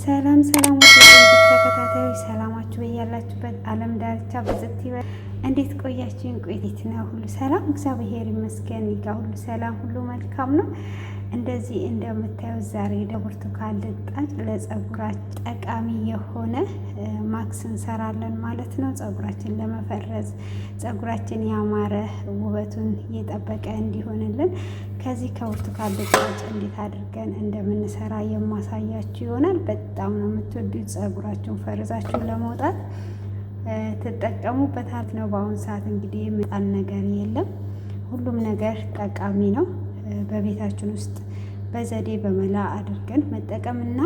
ሰላም ሰላም ተከታታዮች ሰላማችሁ በያላችሁበት ዓለም ዳርቻ ብዝት ይበል። እንዴት ቆያችሁን? ቆይት ነው ሁሉ ሰላም እግዚአብሔር ይመስገን። ይጋ ሁሉ ሰላም ሁሉ መልካም ነው። እንደዚህ እንደምታዩት ዛሬ ለብርቱካን ልጣጭ ለፀጉራችን ጠቃሚ የሆነ ማክስ እንሰራለን ማለት ነው። ፀጉራችን ለመፈረዝ ፀጉራችን ያማረ ውበቱን የጠበቀ እንዲሆንልን ከዚህ ከብርቱካን ልጣጭ እንዴት አድርገን እንደምንሰራ የማሳያችሁ ይሆናል። በጣም ነው የምትወዱት። ጸጉራችሁን ፈርዛችሁን ለመውጣት ትጠቀሙበታት ነው። በአሁኑ ሰዓት እንግዲህ የምጣል ነገር የለም። ሁሉም ነገር ጠቃሚ ነው። በቤታችን ውስጥ በዘዴ በመላ አድርገን መጠቀምና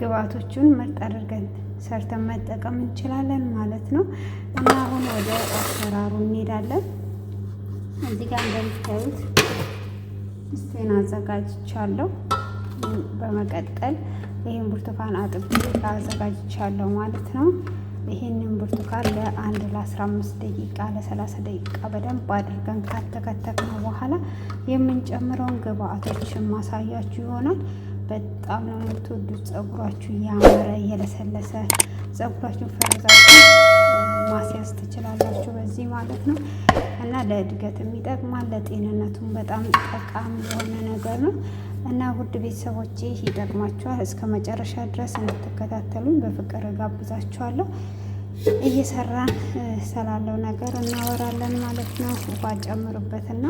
ግብአቶቹን ምርጥ አድርገን ሰርተን መጠቀም እንችላለን ማለት ነው እና አሁን ወደ አሰራሩ እንሄዳለን። እዚህ ጋር እንደምታዩት ድስቴን አዘጋጅቻለሁ። በመቀጠል ይህን ብርቱካን አጥቤ አዘጋጅቻለሁ ማለት ነው። ይህንን ብርቱካን ለአንድ ለ15 ደቂቃ ለ30 ደቂቃ በደንብ አድርገን ካተከተክነው በኋላ የምንጨምረውን ግብአቶችን ማሳያችሁ ይሆናል። በጣም ነው የምትወዱት። ጸጉራችሁ ያማረ የለሰለሰ ጸጉራችሁ ፈርዛችሁ ማስያዝ ትችላላችሁ በዚህ ማለት ነው። እና ለእድገትም ይጠቅማል፣ ለጤንነቱም በጣም ጠቃሚ የሆነ ነገር ነው እና ውድ ቤተሰቦች ይጠቅማችኋል። እስከ መጨረሻ ድረስ እንድትከታተሉኝ በፍቅር ጋብዛችኋለሁ። እየሰራን ስላለው ነገር እናወራለን ማለት ነው። ውሃ ጨምሩበትና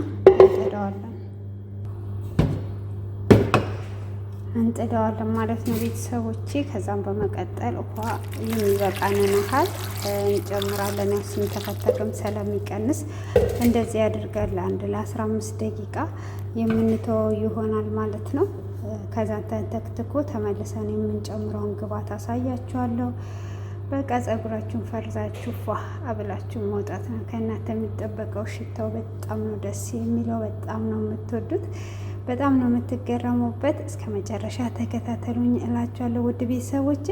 እንጥደዋለን ማለት ነው ቤተሰቦች። ከዛም በመቀጠል ውሃ የሚበቃንን ያህል እንጨምራለን። ያው ስንተከተክም ስለሚቀንስ እንደዚህ ያድርጋል። አንድ ለአስራ አምስት ደቂቃ የምንተወው ይሆናል ማለት ነው። ከዛ ተንተክትኮ ተመልሰን የምንጨምረውን ግብአት አሳያችኋለሁ። በቃ ጸጉራችሁን ፈርዛችሁ ፏ አብላችሁ መውጣት ነው ከእናንተ የሚጠበቀው። ሽታው በጣም ነው ደስ የሚለው፣ በጣም ነው የምትወዱት። በጣም ነው የምትገረሙበት። እስከ መጨረሻ ተከታተሉኝ እላችኋለሁ ውድ ቤተሰቦች።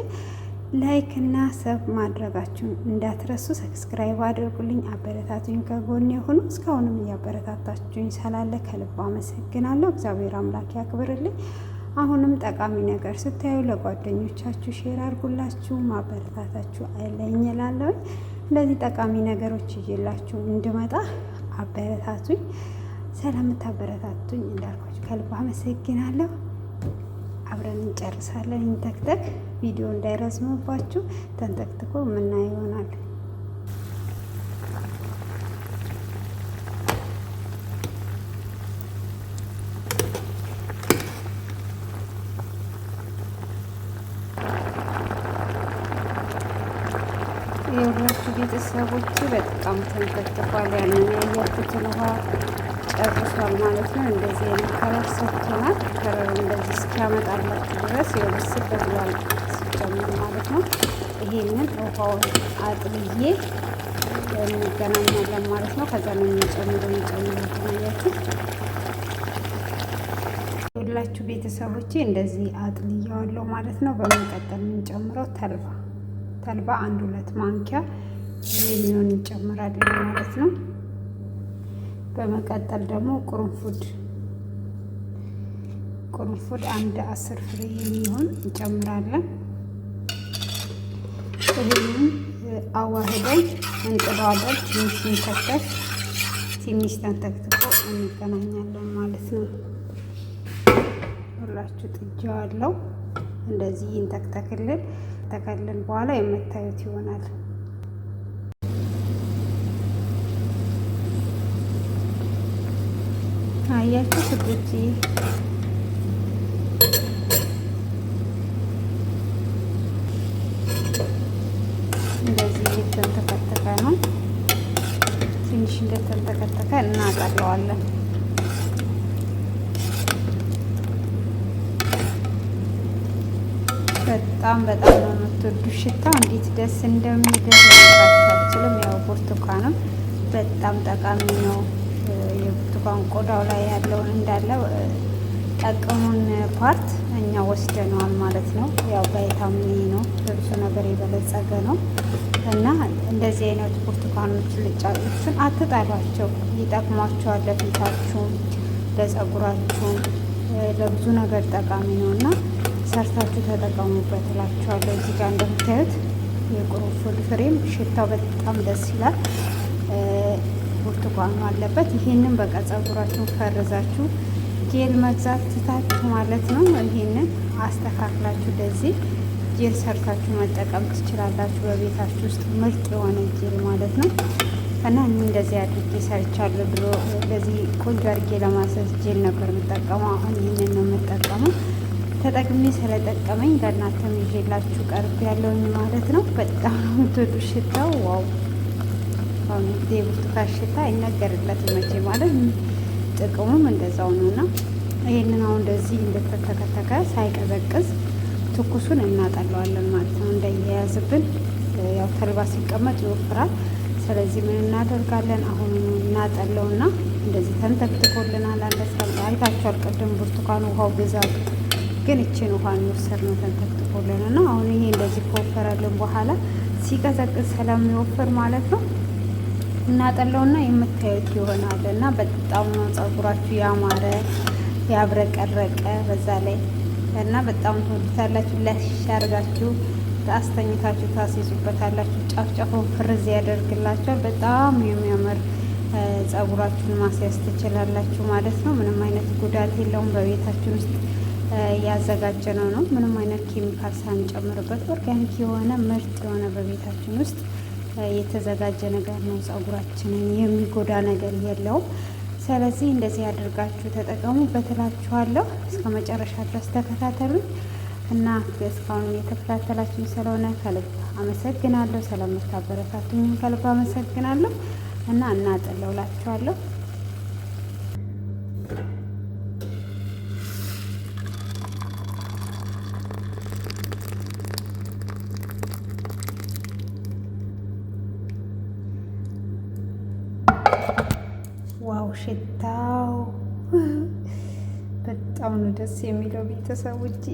ላይክ እና ሰብ ማድረጋችሁን እንዳትረሱ። ሰብስክራይብ አድርጉልኝ፣ አበረታቱኝ፣ ከጎን የሆኑ እስካሁንም እያበረታታችሁኝ ስላለ ከልብ አመሰግናለሁ። እግዚአብሔር አምላክ ያክብርልኝ። አሁንም ጠቃሚ ነገር ስታዩ ለጓደኞቻችሁ ሼር አድርጉላችሁ፣ ማበረታታችሁ አይለኝ እላለሁኝ። እንደዚህ ጠቃሚ ነገሮች እየላችሁ እንድመጣ አበረታቱኝ። ስለምታበረታቱኝ እንዳልኳ ከልብ አመሰግናለሁ። አብረን እንጨርሳለን። ይንተክተክ ቪዲዮ እንዳይረዝምባችሁ ተንተክትኮ ምና ይሆናል። የሁላችሁ ቤተሰቦች በጣም ተንተክተኳል። ያንን ያያችሁትን ውሃ ጨርሷል ማለት ነው። እንደዚህ አይነት ከረር ሰጥቶናል። ከረር እንደዚህ እስኪያመጣላችሁ ድረስ የብስብ ብሏል ሲጨምር ማለት ነው። ይሄንን ውሃውን አጥልዬ እንገናኛለን ማለት ነው። ከዛ ነው የሚጨምሩ የሚጨምሩ ትናያችሁ ሁላችሁ ቤተሰቦቼ እንደዚህ አጥልያዋለሁ ማለት ነው። በመቀጠል የምንጨምረው ተልባ ተልባ አንድ ሁለት ማንኪያ የሚሆን እንጨምራለን ማለት ነው። በመቀጠል ደግሞ ቁርንፉድ ቁርንፉድ አንድ አስር ፍሬ የሚሆን እንጨምራለን። እህሉም አዋህደን እንጥደዋለን። ትንሽ ንተክተፍ ትንሽ ተንተክትፎ እንገናኛለን ማለት ነው። ሁላችሁ ጥጃዋለው። እንደዚህ ይንተክተክልን ተከልን በኋላ የምታዩት ይሆናል። አያችሁ ፍቅሮቼ እንደዚህ እየተንተከተከ ነው። ትንሽ እንደተንተከተከ እናጠለዋለን። በጣም በጣም ነው የምትወዱ ሽታ እንዴት ደስ እንደሚደረጋችሁ አልችልም። ያው ብርቱካንም በጣም ጠቃሚ ነው። እንኳን ቆዳው ላይ ያለው እንዳለ ጠቅሙን ፓርት እኛ ወስደነዋል ማለት ነው። ያው ቫይታሚን ነው፣ በብዙ ነገር የበለጸገ ነው እና እንደዚህ አይነት ብርቱካኖች ልጫጮችን አትጣሏቸው፣ ይጠቅሟቸዋል። ለፊታችሁም፣ ለጸጉራችሁም ለብዙ ነገር ጠቃሚ ነው እና ሰርታችሁ ተጠቀሙበት እላችኋለሁ። እዚህ ጋር እንደምታዩት የቁሩንፉድ ፍሬም ሽታው በጣም ደስ ይላል። ብርቱካኑ አለበት። ይሄንን በቃ ጸጉራችሁ ፈርዛችሁ ጄል መግዛት ትታችሁ ማለት ነው። ይሄንን አስተካክላችሁ እንደዚህ ጄል ሰርታችሁ መጠቀም ትችላላችሁ። በቤታችሁ ውስጥ ምርጥ የሆነ ጄል ማለት ነው። እና እኔ እንደዚህ አድርጌ ሰርቻለሁ ብሎ እንደዚህ ቆንጆ አድርጌ ለማሰስ ጄል ነበር የምጠቀመው። አሁን ይህንን ነው የምጠቀመው። ተጠቅሜ ስለጠቀመኝ ለእናንተም ይዤላችሁ ቀርብ ያለውኝ ማለት ነው። በጣም ምትወዱ ሽታው ዋው አሁን ጊዜ የብርቱካን ሽታ አይነገርለትም መቼ ማለት ጥቅሙም እንደዛው ነው እና ይህንን አሁን እንደዚህ እንደተከተከ ሳይቀዘቅዝ ትኩሱን እናጠለዋለን ማለት ነው። እንደያያዝብን ያው ተልባ ሲቀመጥ ይወፍራል። ስለዚህ ምን እናደርጋለን? አሁን እናጠለውና እንደዚህ ተንተክትኮልናል። አንደሳ አይታችኋል ቅድም ብርቱካን ውሃው ብዛት ግን እችን ውሃ የሚወሰድ ነው ተንተክትኮልን እና አሁን ይሄ እንደዚህ ከወፈረልን በኋላ ሲቀዘቅዝ ስለሚወፍር ማለት ነው እናጠለውና የምታዩት ይሆናል እና በጣም ነው ጸጉራችሁ ያማረ ያብረቀረቀ በዛ ላይ እና በጣም ትወዱታላችሁ። ላሻርጋችሁ አስተኝታችሁ ታስይዙበታላችሁ። ጫፍ ፍርዝ ያደርግላችኋል። በጣም የሚያምር ጸጉራችሁን ማስያዝ ትችላላችሁ ማለት ነው። ምንም አይነት ጉዳት የለውም። በቤታችን ውስጥ ያዘጋጀ ነው ነው ምንም አይነት ኬሚካል ሳንጨምርበት ኦርጋኒክ የሆነ ምርጥ የሆነ በቤታችን ውስጥ የተዘጋጀ ነገር ነው። ጸጉራችንን የሚጎዳ ነገር የለውም። ስለዚህ እንደዚህ ያደርጋችሁ ተጠቀሙ በትላችኋለሁ። እስከ መጨረሻ ድረስ ተከታተሉኝ እና እስካሁን የተከታተላችሁ ስለሆነ ከልብ አመሰግናለሁ። ስለምታበረታቱኝ ከልብ አመሰግናለሁ እና እናጥለው ደስ የሚለው ቤተሰቦቼ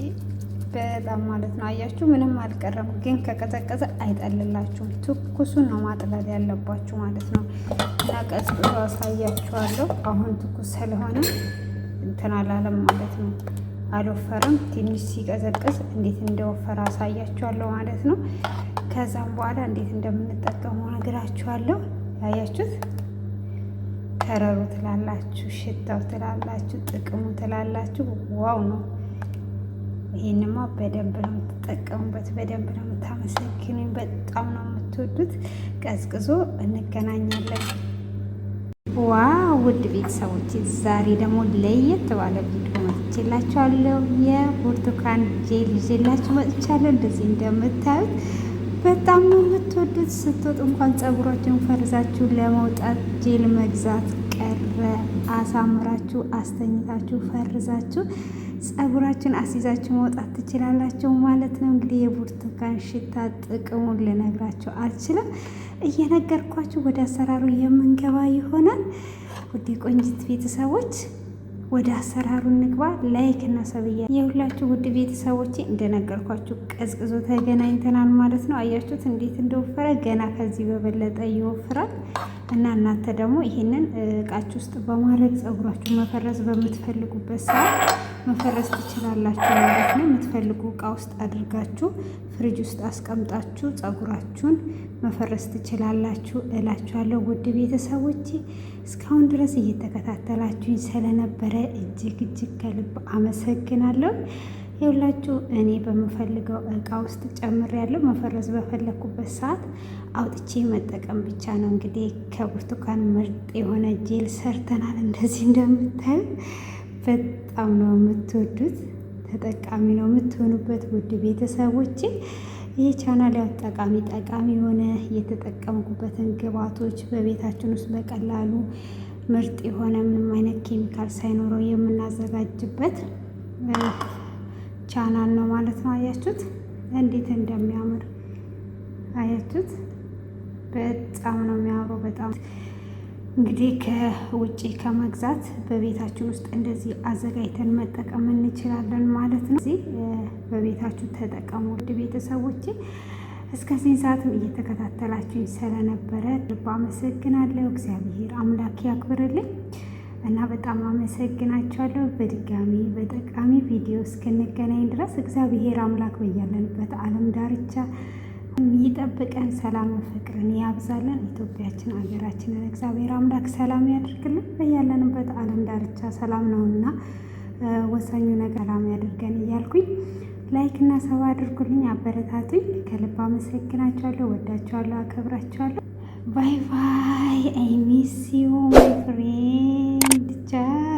በጣም ማለት ነው። አያችሁ ምንም አልቀረም፣ ግን ከቀዘቀዘ አይጠልላችሁም። ትኩሱን ነው ማጥለል ያለባችሁ ማለት ነው። እና ቀዝቅዞ አሳያችኋለሁ። አሁን ትኩስ ስለሆነ እንትን አላለም ማለት ነው፣ አልወፈረም። ትንሽ ሲቀዘቅዝ እንዴት እንደወፈረ አሳያችኋለሁ ማለት ነው። ከዛም በኋላ እንዴት እንደምንጠቀመው ነግራችኋለሁ። አያችሁት ከረሩ ትላላችሁ፣ ሽታው ትላላችሁ፣ ጥቅሙ ትላላችሁ። ዋው ነው። ይህንማ በደንብ ነው የምትጠቀሙበት፣ በደንብ ነው የምታመሰግኑኝ። በጣም ነው የምትወዱት። ቀዝቅዞ እንገናኛለን። ዋ ውድ ቤተሰቦች ዛሬ ደግሞ ለየት ባለ ቪዲዮ መጥቼላችኋለሁ። የብርቱካን ጄል ይዤላችሁ መጥቻለሁ። እንደዚህ እንደምታዩት በጣም ነው የምትወዱት። ስትወጡ እንኳን ጸጉራችሁን ፈርዛችሁ ለመውጣት ጄል መግዛት አሳምራችሁ አስተኝታችሁ ፈርዛችሁ ጸጉራችን አስይዛችሁ መውጣት ትችላላችሁ ማለት ነው። እንግዲህ የብርቱካን ሽታ ጥቅሙን ልነግራችሁ አልችልም። እየነገርኳችሁ ወደ አሰራሩ የምንገባ ይሆናል። ውድ ቆንጂት ቤተሰቦች ወደ አሰራሩ እንግባ። ላይክ እና ሰብያ የሁላችሁ ውድ ቤተሰቦቼ እንደነገርኳችሁ ቀዝቅዞ ተገናኝተናል ማለት ነው። አያችሁት እንዴት እንደወፈረ ገና ከዚህ በበለጠ ይወፍራል እና እናንተ ደግሞ ይሄንን እቃችሁ ውስጥ በማድረግ ጸጉራችሁ መፈረዝ በምትፈልጉበት ሰዓት መፈረስ ትችላላችሁ ማለት ነው። የምትፈልጉ እቃ ውስጥ አድርጋችሁ ፍሪጅ ውስጥ አስቀምጣችሁ ጸጉራችሁን መፈረስ ትችላላችሁ እላችኋለሁ። ውድ ቤተሰቦች እስካሁን ድረስ እየተከታተላችሁኝ ስለነበረ እጅግ እጅግ ከልብ አመሰግናለሁ። የሁላችሁ እኔ በምፈልገው እቃ ውስጥ ጨምሬያለሁ። መፈረስ በፈለግኩበት ሰዓት አውጥቼ መጠቀም ብቻ ነው። እንግዲህ ከብርቱካን ምርጥ የሆነ ጄል ሰርተናል እንደዚህ እንደምታዩ በጣም ነው የምትወዱት፣ ተጠቃሚ ነው የምትሆኑበት። ውድ ቤተሰቦች ይህ ቻናል ያው ጠቃሚ ጠቃሚ የሆነ የተጠቀምኩበትን ግብአቶች በቤታችን ውስጥ በቀላሉ ምርጥ የሆነ ምንም አይነት ኬሚካል ሳይኖረው የምናዘጋጅበት ቻናል ነው ማለት ነው። አያችሁት እንዴት እንደሚያምር አያችሁት? በጣም ነው የሚያምረው በጣም እንግዲህ ከውጭ ከመግዛት በቤታችን ውስጥ እንደዚህ አዘጋጅተን መጠቀም እንችላለን ማለት ነው። እዚህ በቤታችሁ ተጠቀሙ። ውድ ቤተሰቦቼ እስከዚህን ሰዓትም እየተከታተላችሁኝ ስለነበረ ልብ አመሰግናለሁ። እግዚአብሔር አምላክ ያክብርልኝ እና በጣም አመሰግናችኋለሁ። በድጋሚ በጠቃሚ ቪዲዮ እስክንገናኝ ድረስ እግዚአብሔር አምላክ በያለንበት ዓለም ዳርቻ ይጠብቀን፣ ሰላም ፍቅርን ያብዛለን። ኢትዮጵያችን ሀገራችንን እግዚአብሔር አምላክ ሰላም ያድርግልን። በያለንበት ዓለም ዳርቻ ሰላም ነው እና ወሳኙ ነገር ሰላም ያድርገን እያልኩኝ ላይክ እና ሰብ አድርጉልኝ፣ አበረታቱኝ። ከልብ አመሰግናችኋለሁ። ወዳችኋለሁ፣ አከብራችኋለሁ። ባይ ባይ። አይ ሚስ ዩ ማይ ፍሬንድ። ቻ